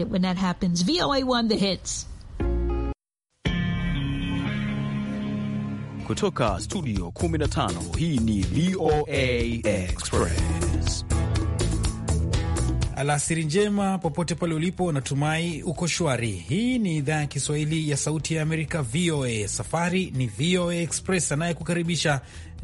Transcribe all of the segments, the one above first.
it when that happens. voa won The Hits. Kutoka studio 15 hii ni VOA Express. Alasiri njema popote pale ulipo, natumai uko shwari. Hii ni idhaa ya Kiswahili ya Sauti ya Amerika, VOA. Safari ni VOA Express, anayekukaribisha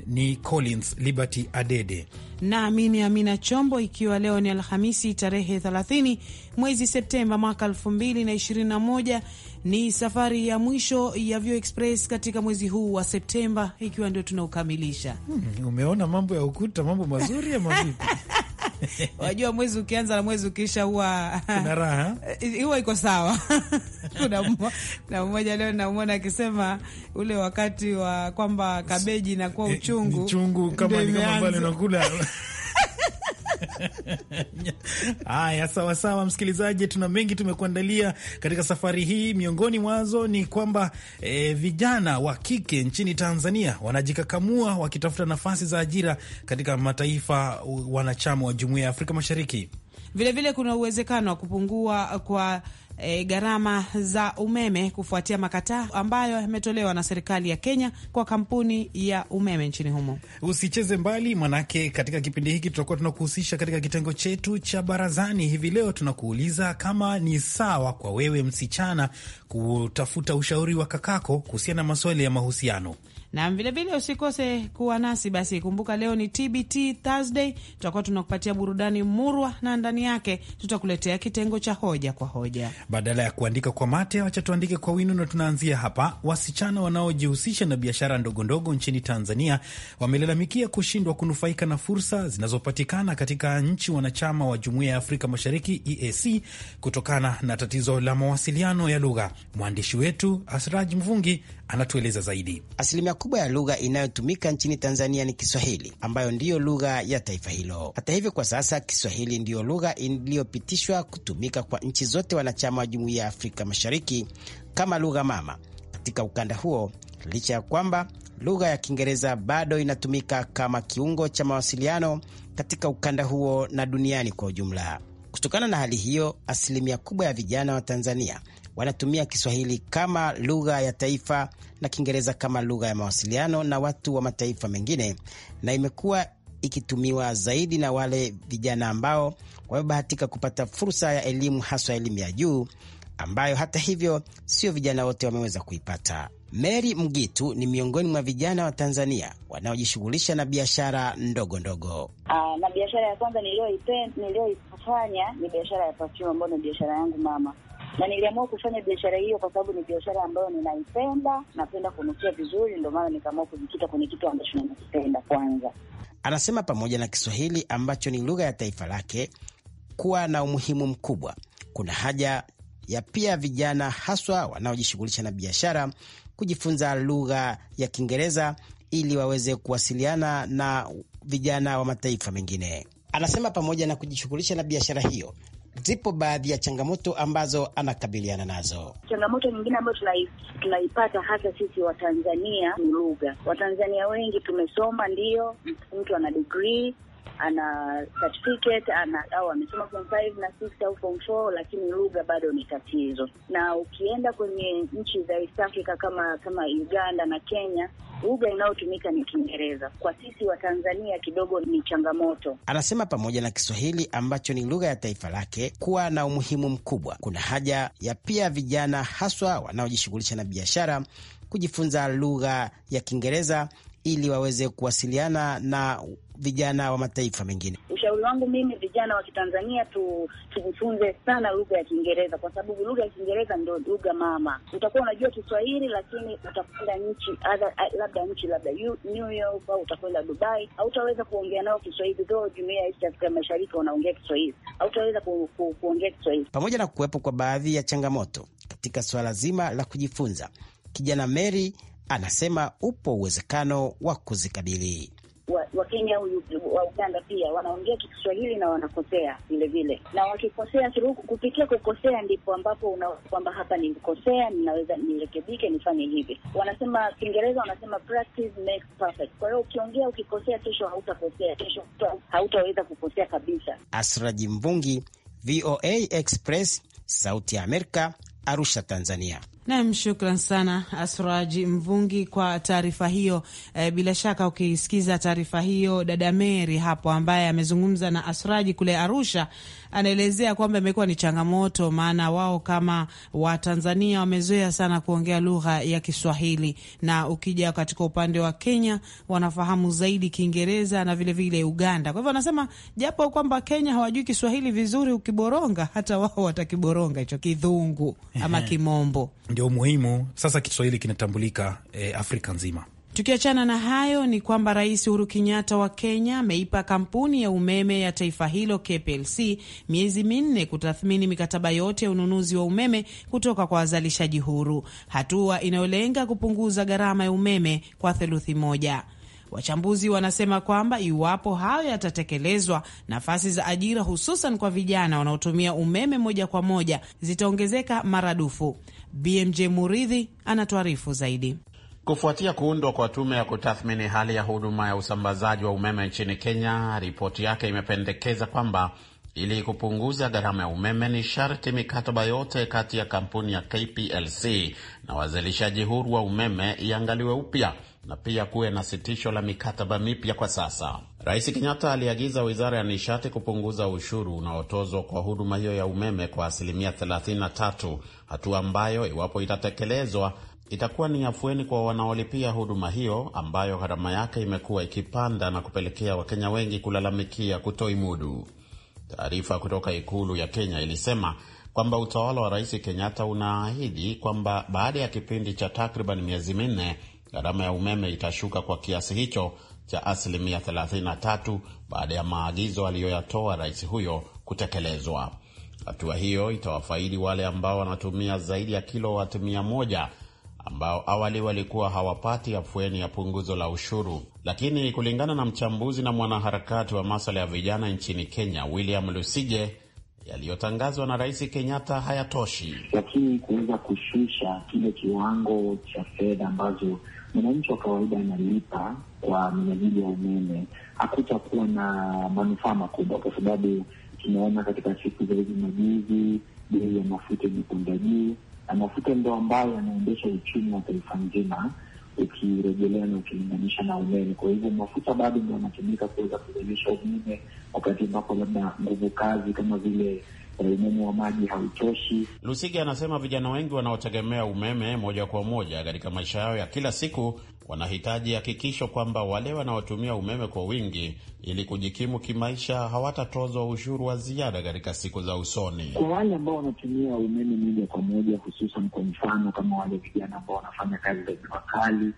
ni Collins Liberty Adede nami ni Amina Chombo, ikiwa leo ni Alhamisi tarehe 30 mwezi Septemba mwaka 2021. Ni safari ya mwisho ya Vio Express katika mwezi huu wa Septemba, ikiwa ndio tunaukamilisha. Hmm, umeona mambo ya ukuta, mambo mazuri ya mavipi Wajua, mwezi ukianza na mwezi ukiisha huwa kuna raha, huwa iko sawa. Kuna mmoja leo namwona akisema ule wakati wa kwamba kabeji inakuwa eh, uchungu, chungu kama ni kama Haya, sawa sawa, msikilizaji, tuna mengi tumekuandalia katika safari hii. Miongoni mwazo ni kwamba e, vijana wa kike nchini Tanzania wanajikakamua wakitafuta nafasi za ajira katika mataifa wanachama wa Jumuiya ya Afrika Mashariki. Vilevile vile kuna uwezekano wa kupungua kwa e, gharama za umeme kufuatia makataa ambayo yametolewa na serikali ya Kenya kwa kampuni ya umeme nchini humo. Usicheze mbali, manake katika kipindi hiki tutakuwa tunakuhusisha katika kitengo chetu cha barazani. Hivi leo tunakuuliza kama ni sawa kwa wewe msichana kutafuta ushauri wa kakako kuhusiana na maswali ya mahusiano na vilevile usikose kuwa nasi. Basi kumbuka, leo ni TBT Thursday, tutakuwa tunakupatia burudani murwa na ndani yake tutakuletea kitengo cha hoja kwa hoja. Badala ya kuandika kwa mate, wacha tuandike kwa wino, na tunaanzia hapa. Wasichana wanaojihusisha na biashara ndogondogo nchini Tanzania wamelalamikia kushindwa kunufaika na fursa zinazopatikana katika nchi wanachama wa Jumuiya ya Afrika Mashariki EAC kutokana na tatizo la mawasiliano ya lugha. Mwandishi wetu Asraj Mvungi anatueleza zaidi. Asilimia kubwa ya lugha inayotumika nchini Tanzania ni Kiswahili, ambayo ndiyo lugha ya taifa hilo. Hata hivyo, kwa sasa Kiswahili ndiyo lugha iliyopitishwa kutumika kwa nchi zote wanachama wa Jumuiya ya Afrika Mashariki kama lugha mama katika ukanda huo, licha ya kwamba lugha ya Kiingereza bado inatumika kama kiungo cha mawasiliano katika ukanda huo na duniani kwa ujumla. Kutokana na hali hiyo, asilimia kubwa ya vijana wa Tanzania wanatumia Kiswahili kama lugha ya taifa na Kiingereza kama lugha ya mawasiliano na watu wa mataifa mengine, na imekuwa ikitumiwa zaidi na wale vijana ambao wamebahatika kupata fursa ya elimu, haswa elimu ya juu ambayo hata hivyo sio vijana wote wameweza kuipata. Mary Mgitu ni miongoni mwa vijana wa Tanzania wanaojishughulisha na biashara ndogo ndogo. Aa, ah, na biashara ya kwanza niliyoifanya ni biashara ya perfume ambayo ni biashara yangu mama na niliamua kufanya biashara hiyo kwa sababu ni biashara ambayo ninaipenda, napenda kunukia vizuri, ndio maana nikaamua kujikita kwenye kitu ambacho ninakipenda kwanza. Anasema pamoja na Kiswahili ambacho ni lugha ya taifa lake kuwa na umuhimu mkubwa, kuna haja ya pia vijana haswa wanaojishughulisha na biashara kujifunza lugha ya Kiingereza ili waweze kuwasiliana na vijana wa mataifa mengine. Anasema pamoja na kujishughulisha na biashara hiyo, zipo baadhi ya changamoto ambazo anakabiliana nazo. Changamoto nyingine ambayo tunaipata hasa sisi Watanzania ni lugha. Watanzania wengi tumesoma, ndio mtu ana digrii ana certificate ana au amesoma form 5 na 6 au form 4, lakini lugha bado ni tatizo. Na ukienda kwenye nchi za East Africa kama kama Uganda na Kenya, lugha inayotumika ni Kiingereza. Kwa sisi wa Tanzania kidogo ni changamoto. Anasema pamoja na Kiswahili ambacho ni lugha ya taifa lake kuwa na umuhimu mkubwa, kuna haja ya pia vijana haswa wanaojishughulisha na biashara kujifunza lugha ya Kiingereza ili waweze kuwasiliana na vijana wa mataifa mengine? Ushauri wangu mimi, vijana wa Kitanzania tu, tujifunze sana lugha ya Kiingereza kwa sababu lugha ya Kiingereza ndio lugha mama. Utakuwa unajua Kiswahili, lakini utakwenda nchi uh, labda nchi labda New York au utakwenda Dubai, hautaweza kuongea nao Kiswahili though jumuiya ya East Africa Mashariki wanaongea Kiswahili, hautaweza ku, ku, kuongea Kiswahili. Pamoja na kuwepo kwa baadhi ya changamoto katika suala zima la kujifunza, kijana Mary anasema upo uwezekano wa kuzikabili. Wakenya wa, wa Uganda pia wanaongea Kiswahili na wanakosea vile vile, na wakikosea kupitia kukosea ndipo ambapo unaona kwamba hapa nilikosea, ninaweza nirekebike, nifanye hivi. Wanasema Kiingereza wanasema practice makes perfect. Kwa hiyo ukiongea ukikosea, kesho hautakosea, kesho hautaweza kukosea kabisa. Asra Jimbungi, VOA Express, Sauti ya Amerika, Arusha, Tanzania. Nam, shukran sana Asraji Mvungi kwa taarifa hiyo. E, bila shaka ukisikiza taarifa hiyo, dada Meri hapo ambaye amezungumza na Asraji kule Arusha anaelezea kwamba imekuwa ni changamoto, maana wao kama Watanzania wamezoea sana kuongea lugha ya Kiswahili, na ukija katika upande wa Kenya wanafahamu zaidi Kiingereza na vilevile vile Uganda. Kwa hivyo anasema japo kwamba Kenya hawajui Kiswahili vizuri, ukiboronga hata wao watakiboronga hicho kidhungu ama kimombo ndio umuhimu sasa Kiswahili kinatambulika e, Afrika nzima. Tukiachana na hayo ni kwamba Rais Uhuru Kenyatta wa Kenya ameipa kampuni ya umeme ya taifa hilo KPLC miezi minne kutathmini mikataba yote ya ununuzi wa umeme kutoka kwa wazalishaji huru, hatua inayolenga kupunguza gharama ya umeme kwa theluthi moja. Wachambuzi wanasema kwamba iwapo hayo yatatekelezwa, nafasi za ajira hususan kwa vijana wanaotumia umeme moja kwa moja zitaongezeka maradufu. BMJ Muridhi anatuarifu zaidi. Kufuatia kuundwa kwa tume ya kutathmini hali ya huduma ya usambazaji wa umeme nchini Kenya, ripoti yake imependekeza kwamba ili kupunguza gharama ya umeme ni sharti mikataba yote kati ya kampuni ya KPLC na wazalishaji huru wa umeme iangaliwe upya na pia kuwe na sitisho la mikataba mipya kwa sasa. Rais Kenyatta aliagiza wizara ya nishati kupunguza ushuru unaotozwa kwa huduma hiyo ya umeme kwa asilimia 33, hatua ambayo iwapo itatekelezwa itakuwa ni afueni kwa wanaolipia huduma hiyo ambayo gharama yake imekuwa ikipanda na kupelekea Wakenya wengi kulalamikia kutoimudu. Taarifa kutoka ikulu ya Kenya ilisema kwamba utawala wa Rais Kenyatta unaahidi kwamba baada ya kipindi cha takriban miezi minne gharama ya umeme itashuka kwa kiasi hicho cha asilimia 33 baada ya maagizo aliyoyatoa rais huyo kutekelezwa. Hatua hiyo itawafaidi wale ambao wanatumia zaidi ya kilowati moja ambao awali walikuwa hawapati afueni ya punguzo la ushuru. Lakini kulingana na mchambuzi na mwanaharakati wa maswala ya vijana nchini Kenya, William lusije yaliyotangazwa na Rais Kenyatta hayatoshi, lakini kuweza kushusha kile kiwango cha fedha ambazo mwananchi wa kawaida analipa kwa mnyajili ya umeme, hakutakuwa na manufaa makubwa, kwa sababu tunaona katika siku za hivi majuzi bei ya mafuta imepanda juu, na mafuta ndo ambayo yanaendesha uchumi wa taifa nzima ukirejelea na ukilinganisha na umeme. Kwa hivyo mafuta bado ndo yanatumika kuweza kuzalisha umeme, wakati ambapo labda nguvu kazi kama vile umeme wa maji hautoshi. Lusige anasema vijana wengi wanaotegemea umeme moja kwa moja katika maisha yao ya kila siku wanahitaji hakikisho kwamba wale wanaotumia umeme kwa wingi ili kujikimu kimaisha hawatatozwa ushuru wa ziada katika siku za usoni. Kwa wale ambao wanatumia umeme moja kwa moja, hususan kwa mfano kama wale vijana ambao wanafanya kazi za jua kali,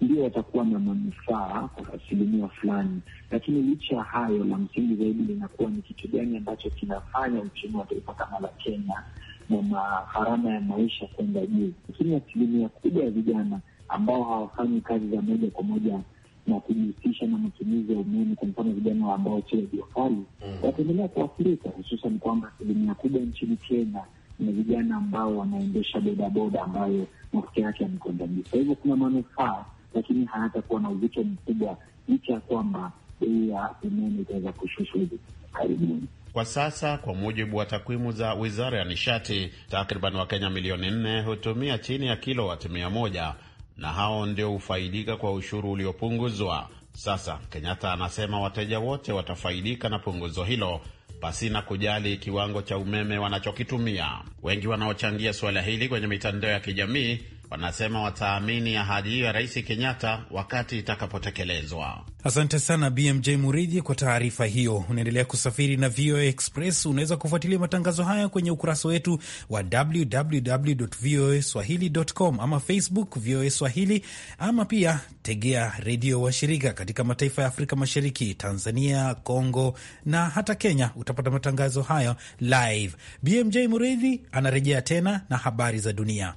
ndio watakuwa na manufaa kwa asilimia fulani, lakini licha ya hayo, la msingi zaidi linakuwa ni kitu gani ambacho kinafanya uchumi wa taifa kama la Kenya na magharama ya maisha kwenda juu, lakini asilimia kubwa ya vijana ambao hawafanyi kazi za moja kwa moja na kujihusisha na matumizi ya umeme, kwa mfano vijana ambao chia jua kali wataendelea kuathirika, hususan kwamba asilimia kubwa nchini Kenya na vijana ambao wanaendesha bodaboda ambayo mafuta yake yamekwenda juu. Kwa hivyo kuna manufaa, lakini hayatakuwa na uzito mkubwa, licha ya kwamba bei ya umeme itaweza kushushwa hivi karibuni. Kwa sasa, kwa mujibu wa takwimu za wizara ya nishati, takriban Wakenya milioni nne hutumia chini ya kilowati mia moja na hao ndio hufaidika kwa ushuru uliopunguzwa. Sasa Kenyatta anasema wateja wote watafaidika na punguzo hilo pasina kujali kiwango cha umeme wanachokitumia. Wengi wanaochangia suala hili kwenye mitandao ya kijamii wanasema wataamini ahadi hiyo ya Rais Kenyatta wakati itakapotekelezwa. Asante sana BMJ Muridhi kwa taarifa hiyo. Unaendelea kusafiri na VOA Express. Unaweza kufuatilia matangazo haya kwenye ukurasa wetu wa www voa swahili.com ama Facebook VOA Swahili, ama pia tegea redio wa shirika katika mataifa ya Afrika Mashariki, Tanzania, Congo na hata Kenya. Utapata matangazo hayo live. BMJ Muridhi anarejea tena na habari za dunia.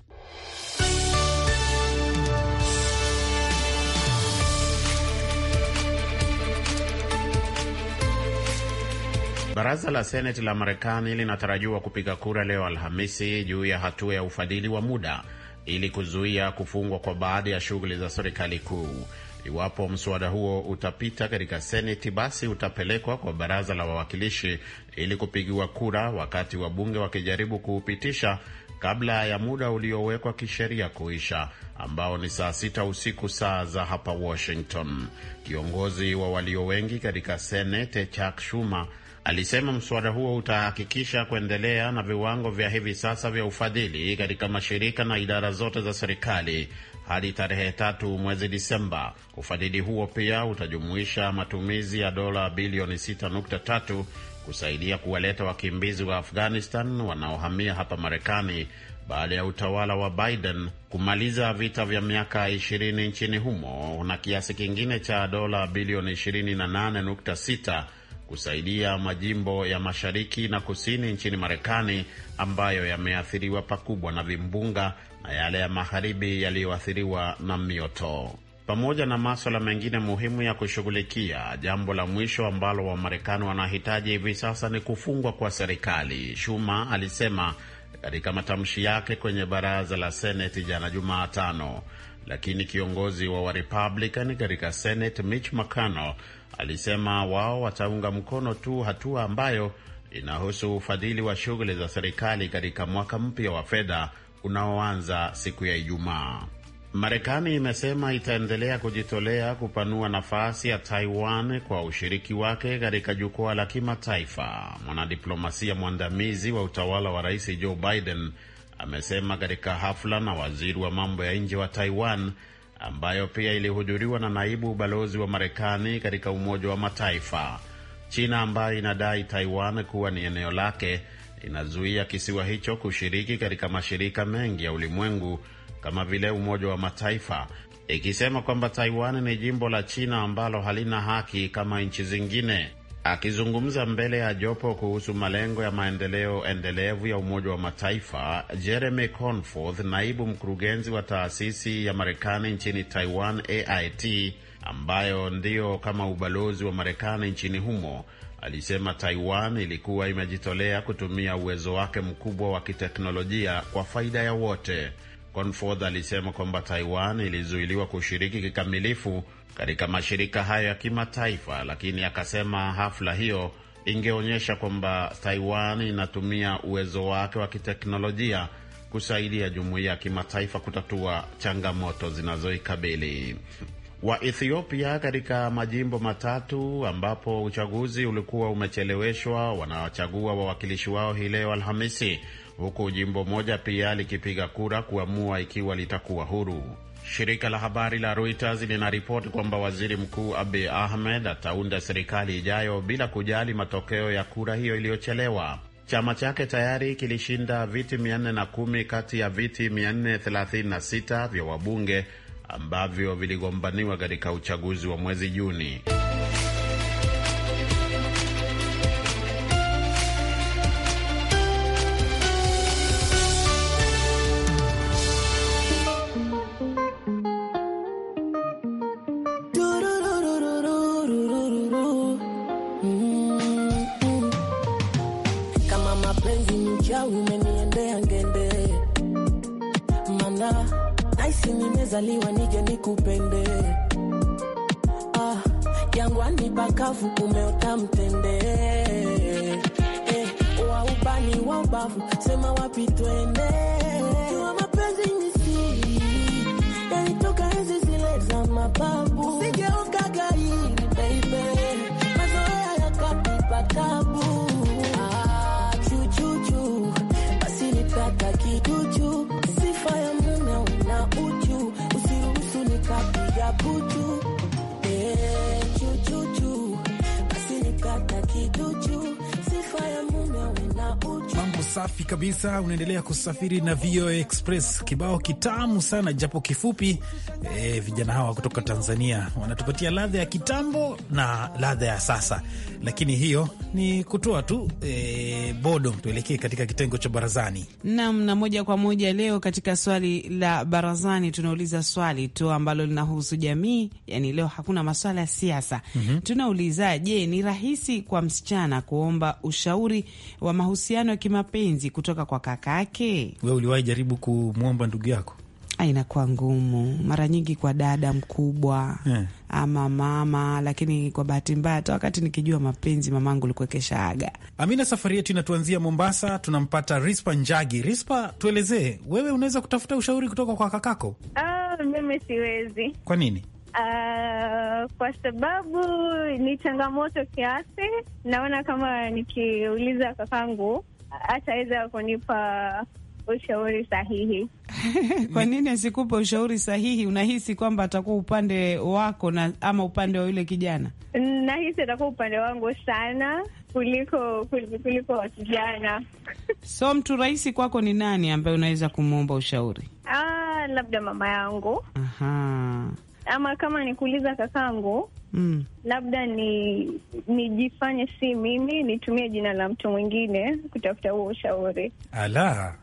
Baraza la Seneti la Marekani linatarajiwa kupiga kura leo Alhamisi juu ya hatua ya ufadhili wa muda ili kuzuia kufungwa kwa baadhi ya shughuli za serikali kuu. Iwapo mswada huo utapita katika Seneti, basi utapelekwa kwa baraza la wawakilishi ili kupigiwa kura, wakati wabunge wakijaribu kuupitisha kabla ya muda uliowekwa kisheria kuisha, ambao ni saa sita usiku saa za hapa Washington. Kiongozi wa walio wengi katika Seneti Chuck Schumer Alisema mswada huo utahakikisha kuendelea na viwango vya hivi sasa vya ufadhili katika mashirika na idara zote za serikali hadi tarehe tatu mwezi Disemba. Ufadhili huo pia utajumuisha matumizi ya dola bilioni 6.3 kusaidia kuwaleta wakimbizi wa Afghanistan wanaohamia hapa Marekani baada ya utawala wa Biden kumaliza vita vya miaka 20 nchini humo na kiasi kingine cha dola bilioni 28.6 kusaidia majimbo ya mashariki na kusini nchini Marekani ambayo yameathiriwa pakubwa na vimbunga na yale ya magharibi yaliyoathiriwa na mioto pamoja na maswala mengine muhimu ya kushughulikia. Jambo la mwisho ambalo Wamarekani wanahitaji hivi sasa ni kufungwa kwa serikali, Shuma alisema katika matamshi yake kwenye baraza la Seneti jana Jumatano. Lakini kiongozi wa Warepublican katika Senate Mitch McConnell alisema wao wataunga mkono tu hatua ambayo inahusu ufadhili wa shughuli za serikali katika mwaka mpya wa fedha unaoanza siku ya Ijumaa. Marekani imesema itaendelea kujitolea kupanua nafasi ya Taiwan kwa ushiriki wake katika jukwaa la kimataifa. Mwanadiplomasia mwandamizi wa utawala wa Rais Joe Biden amesema katika hafla na waziri wa mambo ya nje wa Taiwan ambayo pia ilihudhuriwa na naibu balozi wa Marekani katika Umoja wa Mataifa. China ambayo inadai Taiwan kuwa ni eneo lake inazuia kisiwa hicho kushiriki katika mashirika mengi ya ulimwengu kama vile Umoja wa Mataifa, ikisema kwamba Taiwan ni jimbo la China ambalo halina haki kama nchi zingine. Akizungumza mbele ya jopo kuhusu malengo ya maendeleo endelevu ya Umoja wa Mataifa, Jeremy Cornforth, naibu mkurugenzi wa taasisi ya Marekani nchini Taiwan, AIT, ambayo ndiyo kama ubalozi wa Marekani nchini humo, alisema Taiwan ilikuwa imejitolea kutumia uwezo wake mkubwa wa kiteknolojia kwa faida ya wote. Conford alisema kwamba Taiwan ilizuiliwa kushiriki kikamilifu katika mashirika hayo ya kimataifa, lakini akasema hafla hiyo ingeonyesha kwamba Taiwan inatumia uwezo wake wa kiteknolojia kusaidia jumuiya ya kimataifa kutatua changamoto zinazoikabili. Wa Ethiopia katika majimbo matatu ambapo uchaguzi ulikuwa umecheleweshwa wanawachagua wawakilishi wao hii leo Alhamisi huku jimbo moja pia likipiga kura kuamua ikiwa litakuwa huru. Shirika la habari la Reuters linaripoti kwamba waziri mkuu abi Ahmed ataunda serikali ijayo bila kujali matokeo ya kura hiyo iliyochelewa. Chama chake tayari kilishinda viti 410 kati ya viti 436 vya wabunge ambavyo viligombaniwa katika uchaguzi wa mwezi Juni. nikupende. Ah, jangwani pakavu kumeota mtende. Eh, wa ubani wa ubavu sema wapi twende Eh, Sifa ya mume safi kabisa. Unaendelea kusafiri na VOA Express, kibao kitamu sana japo kifupi. E, vijana hawa kutoka Tanzania wanatupatia ladha ya kitambo na ladha ya sasa, lakini hiyo ni kutoa tu e, bodo. Tuelekee katika kitengo cha barazani nam, na moja kwa moja leo katika swali la barazani tunauliza swali tu ambalo linahusu jamii, yani leo hakuna maswala ya siasa. mm -hmm. Tunauliza, je, ni rahisi kwa msichana kuomba ushauri wa mahusiano ya kima mapenzi kutoka kwa kakake? We uliwahi jaribu kumwomba ndugu yako? Ah, inakuwa ngumu mara nyingi kwa dada mkubwa yeah, ama mama. Lakini kwa bahati mbaya, hata wakati nikijua mapenzi, mamangu alikuwa keshaaga. Amina, safari yetu inatuanzia Mombasa, tunampata Rispa Njagi. Rispa, tuelezee, wewe unaweza kutafuta ushauri kutoka kwa kakako? Oh, ah, mimi siwezi. Kwa nini? Uh, kwa sababu ni changamoto kiasi. Naona kama nikiuliza kakangu ataweza kunipa ushauri sahihi. Kwa nini asikupe ushauri sahihi? Unahisi kwamba atakuwa upande wako na ama upande wa yule kijana? Nahisi atakuwa upande wangu sana kuliko kuliko wa kijana. So mtu rahisi kwako ni nani ambaye unaweza kumwomba ushauri? Ah, labda mama yangu. Aha ama kama ni kuuliza kakangu mm. labda ni nijifanye si mimi, nitumie jina la mtu mwingine kutafuta huo ushauri. Ala,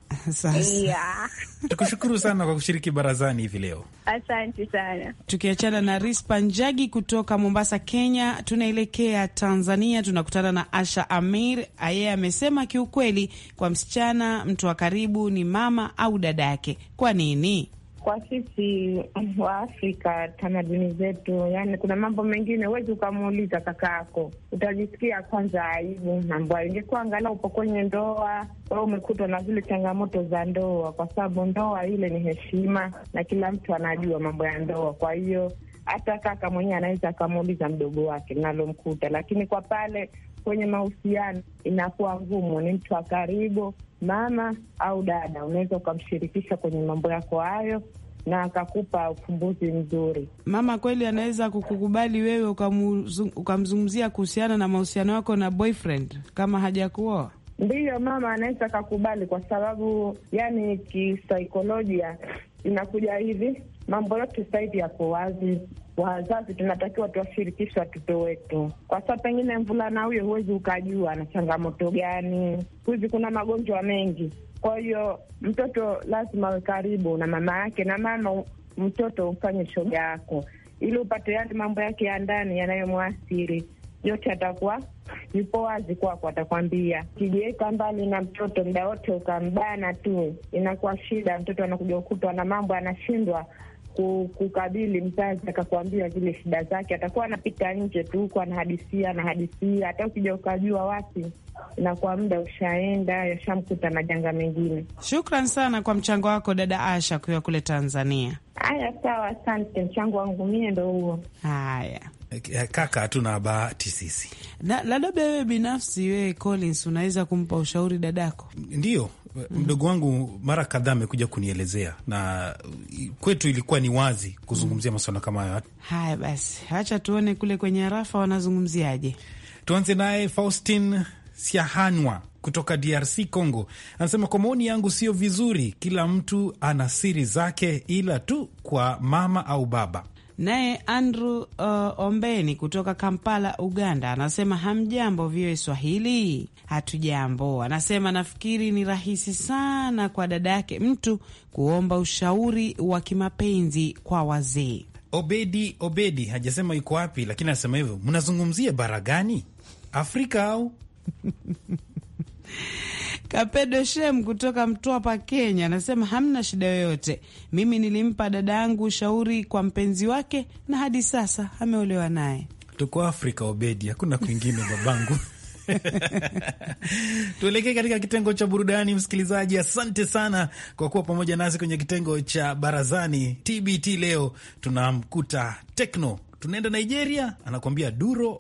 yeah. Tukushukuru sana kwa kushiriki barazani hivi leo, asante sana. Tukiachana na Rispa Njagi kutoka Mombasa, Kenya, tunaelekea Tanzania. Tunakutana na Asha Amir. Yeye amesema kiukweli, kwa msichana mtu wa karibu ni mama au dada yake. Kwa nini? kwa sisi mm, wa Afrika tamaduni zetu, yani kuna mambo mengine huwezi ukamuuliza kakaako, utajisikia kwanza aibu. Mambo ingekuwa angalau upo kwenye ndoa, wewe umekutwa na zile changamoto za ndoa, kwa sababu ndoa ile ni heshima na kila mtu anajua mambo ya ndoa. Kwa hiyo hata kaka mwenyewe anaweza akamuuliza mdogo wake linalomkuta, lakini kwa pale kwenye mahusiano inakuwa ngumu. Ni mtu wa karibu, mama au dada, unaweza ukamshirikisha kwenye mambo yako hayo na akakupa ufumbuzi mzuri. Mama kweli anaweza kukukubali wewe ukamzungumzia kuhusiana na mahusiano yako na boyfriend kama hajakuoa? Ndiyo, mama anaweza akakubali, kwa sababu yani kisaikolojia inakuja hivi, mambo yote sasa hivi yako wazi wazazi tunatakiwa tuwashirikishe watoto wetu, kwa sababu pengine mvulana huyo huwezi ukajua na changamoto gani. Siku hizi kuna magonjwa mengi, kwa hiyo mtoto lazima awe karibu na mama yake, na mama mtoto ufanye shoga yako ili upate yale mambo yake ya ndani yanayomwathiri yote atakuwa yupo wazi kwako, atakwambia. Ukijiweka mbali na mtoto muda wote ukambana tu, inakuwa shida. Mtoto anakuja kukutwa na mambo, anashindwa kukabili mzazi akakuambia zile shida zake, atakuwa anapita nje tu huku anahadisia anahadisia, hata ukija ukajua wapi na kwa muda ushaenda yashamkuta majanga mengine. Shukran sana kwa mchango wako dada Asha, kuwa kule Tanzania. Haya, sawa, asante. Mchango wangu mie ndo huo. Haya. Eh, kaka, hatuna bahati sisi. Na labda wewe binafsi, wewe Collins, unaweza kumpa ushauri dadako? Ndiyo, mm-hmm. mdogo wangu mara kadhaa amekuja kunielezea na kwetu ilikuwa ni wazi kuzungumzia masuala kama hayo. Haya basi, acha tuone kule kwenye arafa wanazungumziaje. Tuanze naye Faustin Siahanwa kutoka DRC Congo anasema, kwa maoni yangu sio vizuri, kila mtu ana siri zake, ila tu kwa mama au baba Naye Andrew uh, Ombeni kutoka Kampala, Uganda, anasema hamjambo vioe Swahili. Hatujambo, anasema nafikiri ni rahisi sana kwa dada yake mtu kuomba ushauri wa kimapenzi kwa wazee. Obedi Obedi hajasema yuko wapi, lakini anasema hivyo, mnazungumzia bara gani? Afrika au? Kapedo Shem kutoka Mtwapa, Kenya anasema hamna shida yoyote. Mimi nilimpa dada yangu ushauri kwa mpenzi wake na hadi sasa ameolewa naye. Tuko Afrika Obedi, hakuna kwingine babangu. Tuelekee katika kitengo cha burudani. Msikilizaji, asante sana kwa kuwa pamoja nasi kwenye kitengo cha barazani TBT. Leo tunamkuta Tekno, tunaenda Nigeria, anakuambia duro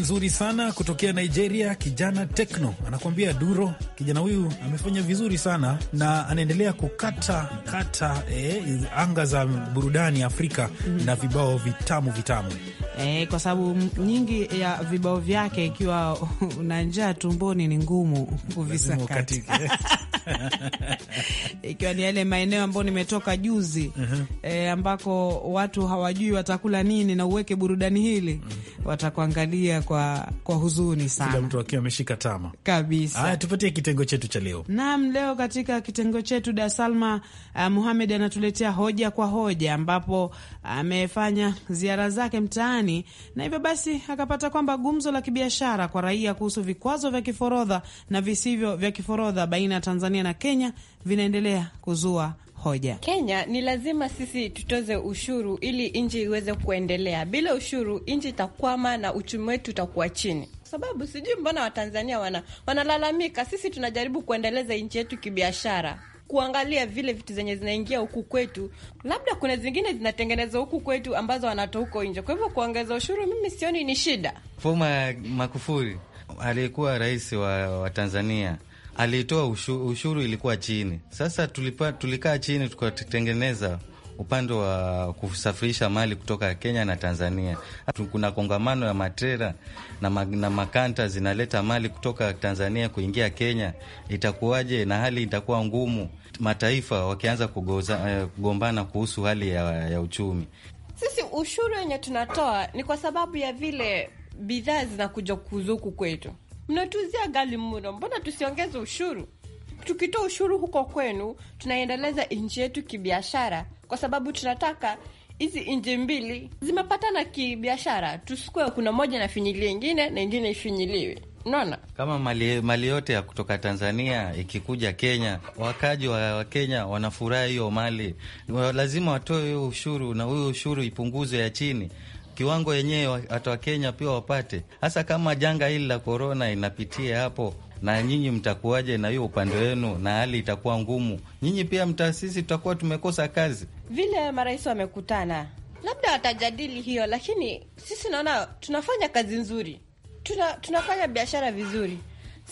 nzuri sana kutokea Nigeria, kijana Tekno anakuambia duro. Kijana huyu amefanya vizuri sana na anaendelea kukata kata eh, anga za burudani Afrika mm -hmm. na vibao vitamu vitamu eh, kwa sababu nyingi ya vibao vyake, ikiwa una njaa tumboni ni ngumu kuvisakata ikiwa ni yale maeneo ambayo nimetoka juzi uh -huh. E, eh, ambako watu hawajui watakula nini na uweke burudani hili uh -huh. Watakuangalia kwa, kwa huzuni sana, kila mtu akiwa ameshika tama kabisa. Aya, tupatie kitengo chetu cha leo. Naam, leo katika kitengo chetu Da Salma uh, eh, Muhamed anatuletea hoja kwa hoja, ambapo amefanya uh, ziara zake mtaani na hivyo basi akapata kwamba gumzo la kibiashara kwa raia kuhusu vikwazo vya kiforodha na visivyo vya kiforodha baina ya Tanzania Tanzania na Kenya vinaendelea kuzua hoja. Kenya ni lazima sisi tutoze ushuru ili nchi iweze kuendelea. Bila ushuru nchi itakwama na uchumi wetu utakuwa chini sababu sijui mbona Watanzania wana wanalalamika. Sisi tunajaribu kuendeleza nchi yetu kibiashara, kuangalia vile vitu zenye zinaingia huku kwetu, labda kuna zingine zinatengenezwa huku kwetu ambazo wanatoa huko nje. Kwa hivyo kuongeza ushuru mimi sioni ni shida. Foma Makufuri aliyekuwa rais wa, wa Tanzania alitoa ushuru, ushuru ilikuwa chini. Sasa tulipa, tulikaa chini tukatengeneza upande wa kusafirisha mali kutoka Kenya na Tanzania. Kuna kongamano ya matera na, ma, na makanta zinaleta mali kutoka Tanzania kuingia Kenya, itakuwaje? Na hali itakuwa ngumu, mataifa wakianza kugoza, eh, kugombana kuhusu hali ya, ya uchumi. Sisi ushuru wenye tunatoa ni kwa sababu ya vile bidhaa zinakuja kuzuku kwetu mnatuzia gali mno, mbona tusiongeze ushuru? Tukitoa ushuru huko kwenu, tunaendeleza nchi yetu kibiashara, kwa sababu tunataka hizi nchi mbili zimepatana kibiashara, tusikue kuna moja nafinyilia ingine na ingine ifinyiliwe. Unaona, kama mali, mali yote ya kutoka Tanzania ikikuja Kenya, wakaji wa Kenya wanafurahi hiyo mali, lazima watoe huyo ushuru na huyo ushuru ipunguzwe ya chini kiwango yenyewe hata Wakenya pia wapate, hasa kama janga hili la korona inapitia hapo na nyinyi mtakuwaje na hiyo upande wenu, na hali itakuwa ngumu. Nyinyi pia mtaasisi, tutakuwa tumekosa kazi. Vile marais wamekutana, labda watajadili hiyo, lakini sisi naona tunafanya kazi nzuri, tuna, tunafanya biashara vizuri,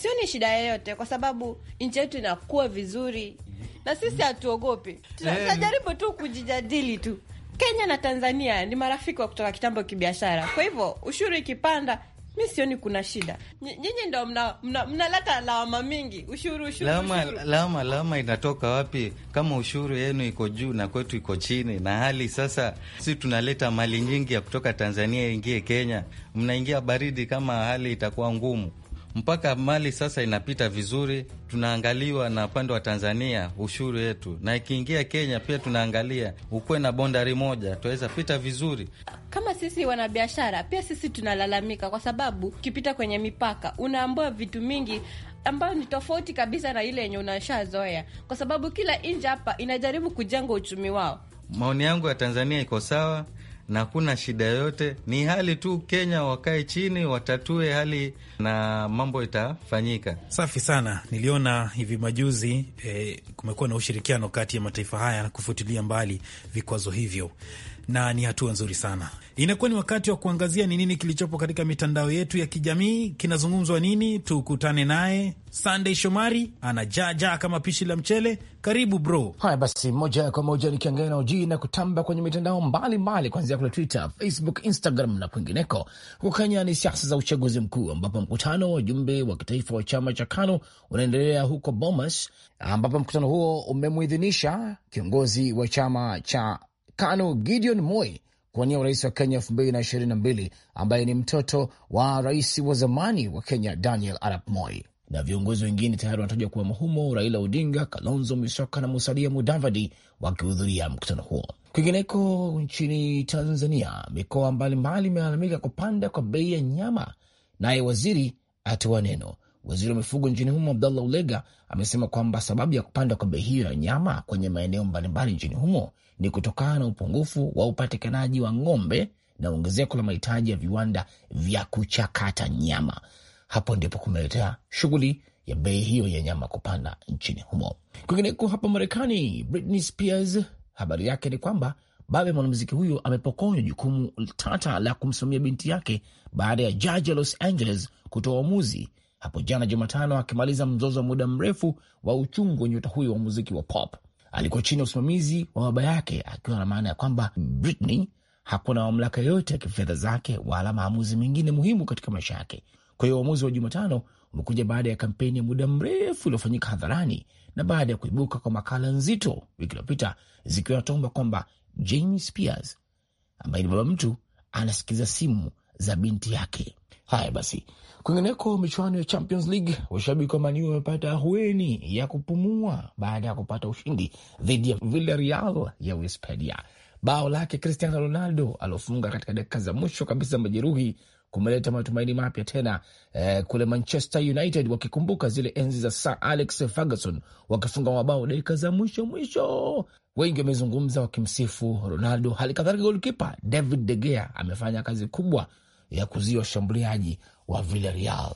sio ni shida yoyote, kwa sababu nchi yetu inakuwa vizuri na sisi hatuogopi, eh, tunajaribu tu kujijadili tu Kenya na Tanzania ni marafiki wa kutoka kitambo kibiashara, kwa hivyo ushuru ikipanda mi sioni kuna shida. Nyinyi ndo mnaleta mna, mna lawama mingi ushuru, ushuru, lawama, ushuru. Lawama, lawama inatoka wapi kama ushuru yenu iko juu na kwetu iko chini? Na hali sasa, si tunaleta mali nyingi ya kutoka Tanzania ingie Kenya, mnaingia baridi. Kama hali itakuwa ngumu, mpaka mali sasa inapita vizuri, tunaangaliwa na upande wa Tanzania ushuru yetu na ikiingia Kenya pia tunaangalia, ukuwe na bondari moja tunaweza pita vizuri. Kama sisi wanabiashara pia sisi tunalalamika, kwa sababu ukipita kwenye mipaka unaambua vitu mingi ambayo ni tofauti kabisa na ile yenye unashazoea, kwa sababu kila nchi hapa inajaribu kujenga uchumi wao. Maoni yangu ya Tanzania iko sawa, na kuna shida yoyote, ni hali tu Kenya wakae chini watatue hali na mambo itafanyika. Safi sana. Niliona hivi majuzi eh, kumekuwa na ushirikiano kati ya mataifa haya kufutilia mbali vikwazo hivyo na ni hatua nzuri sana. Inakuwa ni wakati wa kuangazia ni nini kilichopo katika mitandao yetu ya kijamii, kinazungumzwa nini. Tukutane naye Sandey Shomari, anajaajaa kama pishi la mchele. Karibu bro. Haya basi, moja kwa moja nikiangalia na ujii na kutamba kwenye mitandao mbalimbali, kuanzia kule Twitter, Facebook, Instagram na kwingineko. Huko Kenya ni siasa za uchaguzi mkuu, ambapo mkutano wa jumbe wa kitaifa wa chama cha KANU unaendelea huko Bomas, ambapo mkutano huo umemwidhinisha kiongozi wa chama cha KANU Gideon Moi kuwania urais wa Kenya elfu mbili na ishirini na mbili ambaye ni mtoto wa rais wa zamani wa Kenya Daniel Arap Moi. Na viongozi wengine tayari wanatajwa kuwemo humo, Raila Odinga, Kalonzo Musyoka na Musalia Mudavadi wakihudhuria mkutano huo. Kwingineko nchini Tanzania, mikoa mbalimbali imelalamika kupanda kwa bei ya nyama, naye waziri atoa neno. Waziri wa mifugo nchini humo Abdallah Ulega amesema kwamba sababu ya kupanda kwa bei hiyo ya nyama kwenye maeneo mbalimbali nchini humo ni kutokana na upungufu wa upatikanaji wa ng'ombe na ongezeko la mahitaji ya viwanda vya kuchakata nyama. Hapo ndipo kumeletea shughuli ya bei hiyo ya nyama kupanda nchini humo. Kwingineko hapa Marekani, Britney Spears, habari yake ni kwamba baba ya mwanamuziki huyo amepokonywa jukumu tata la kumsimamia binti yake baada ya jaji ya Los Angeles kutoa uamuzi hapo jana Jumatano, akimaliza mzozo wa muda mrefu wa uchungu wenye nyota huyo wa muziki wa pop alikuwa chini ya usimamizi wa baba yake, akiwa na maana ya kwamba Britney hakuwa na mamlaka yoyote ya kifedha zake wala maamuzi mengine muhimu katika maisha yake. Kwa hiyo uamuzi wa Jumatano umekuja baada ya kampeni ya muda mrefu iliyofanyika hadharani na baada ya kuibuka kwa makala nzito wiki iliyopita zikiwa natomba kwamba James Spears ambaye ni baba mtu anasikiliza simu za binti yake. Haya basi, kwingineko, michuano ya Champions League, washabiki wa Maniu wamepata ahueni ya kupumua baada ya kupata ushindi dhidi ya Villarreal ya Uhispania. Bao lake Cristiano Ronaldo aliofunga katika dakika za mwisho kabisa majeruhi kumeleta matumaini mapya tena eh, kule Manchester United wakikumbuka zile enzi za Sir Alex Ferguson wakifunga mabao dakika za mwisho mwisho. Wengi wamezungumza wakimsifu Ronaldo, hali kadhalika golkipa David De Gea amefanya kazi kubwa ya kuzuia washambuliaji wa Villarreal.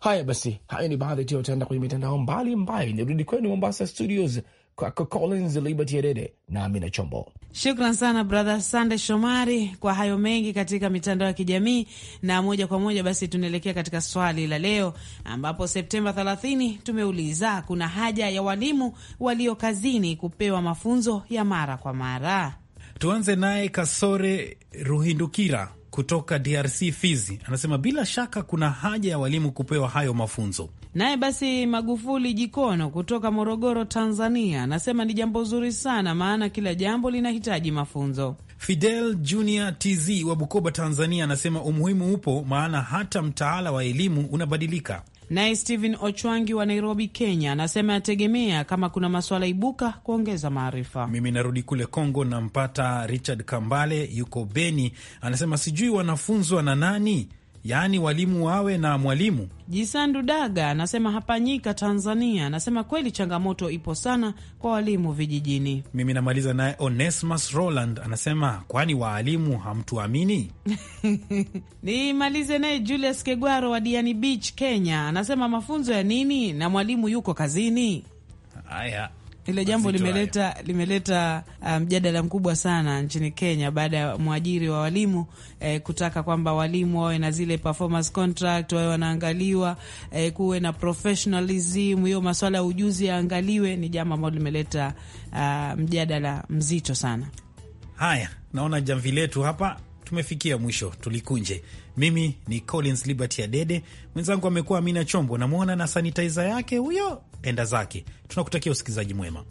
Haya basi, hayo ni baadhi tu utaenda kwenye mitandao mbalimbali. Nirudi kwenu Mombasa studios kwako Collins Liberty Adede na Amina Chombo. Shukran sana brother Sande Shomari kwa hayo mengi katika mitandao ya kijamii. Na moja kwa moja basi tunaelekea katika swali la leo, ambapo Septemba 30 tumeuliza kuna haja ya walimu walio kazini kupewa mafunzo ya mara kwa mara. Tuanze naye Kasore Ruhindukira kutoka DRC Fizi anasema bila shaka kuna haja ya walimu kupewa hayo mafunzo. Naye basi Magufuli Jikono kutoka Morogoro, Tanzania, anasema ni jambo zuri sana, maana kila jambo linahitaji mafunzo. Fidel Junior TZ wa Bukoba, Tanzania, anasema umuhimu upo, maana hata mtaala wa elimu unabadilika. Naye Stephen Ochwangi wa Nairobi, Kenya, anasema yategemea kama kuna maswala ibuka kuongeza maarifa. Mimi narudi kule congo nampata Richard Kambale, yuko Beni, anasema sijui wanafunzwa na nani yaani walimu wawe na mwalimu. Jisandu Daga anasema hapa Nyika, Tanzania, anasema kweli changamoto ipo sana kwa walimu vijijini. Mimi namaliza naye Onesmus Roland anasema kwani waalimu hamtuamini? Nimalize naye Julius Kegwaro wa Diani Beach, Kenya, anasema mafunzo ya nini na mwalimu yuko kazini. Haya hilo jambo limeleta limeleta uh, mjadala um, mkubwa sana nchini Kenya baada ya mwajiri wa walimu eh, kutaka kwamba walimu wawe na zile performance contract, wawe wanaangaliwa eh, kuwe na professionalism. Hiyo masuala ya ujuzi yaangaliwe, ni jambo ambalo limeleta uh, mjadala mzito sana. Haya, naona jamvi letu hapa tumefikia mwisho, tulikunje. Mimi ni Collins Liberty Adede, mwenzangu amekuwa Amina Chombo, namwona na sanitizer yake huyo penda zake. Tunakutakia usikilizaji mwema.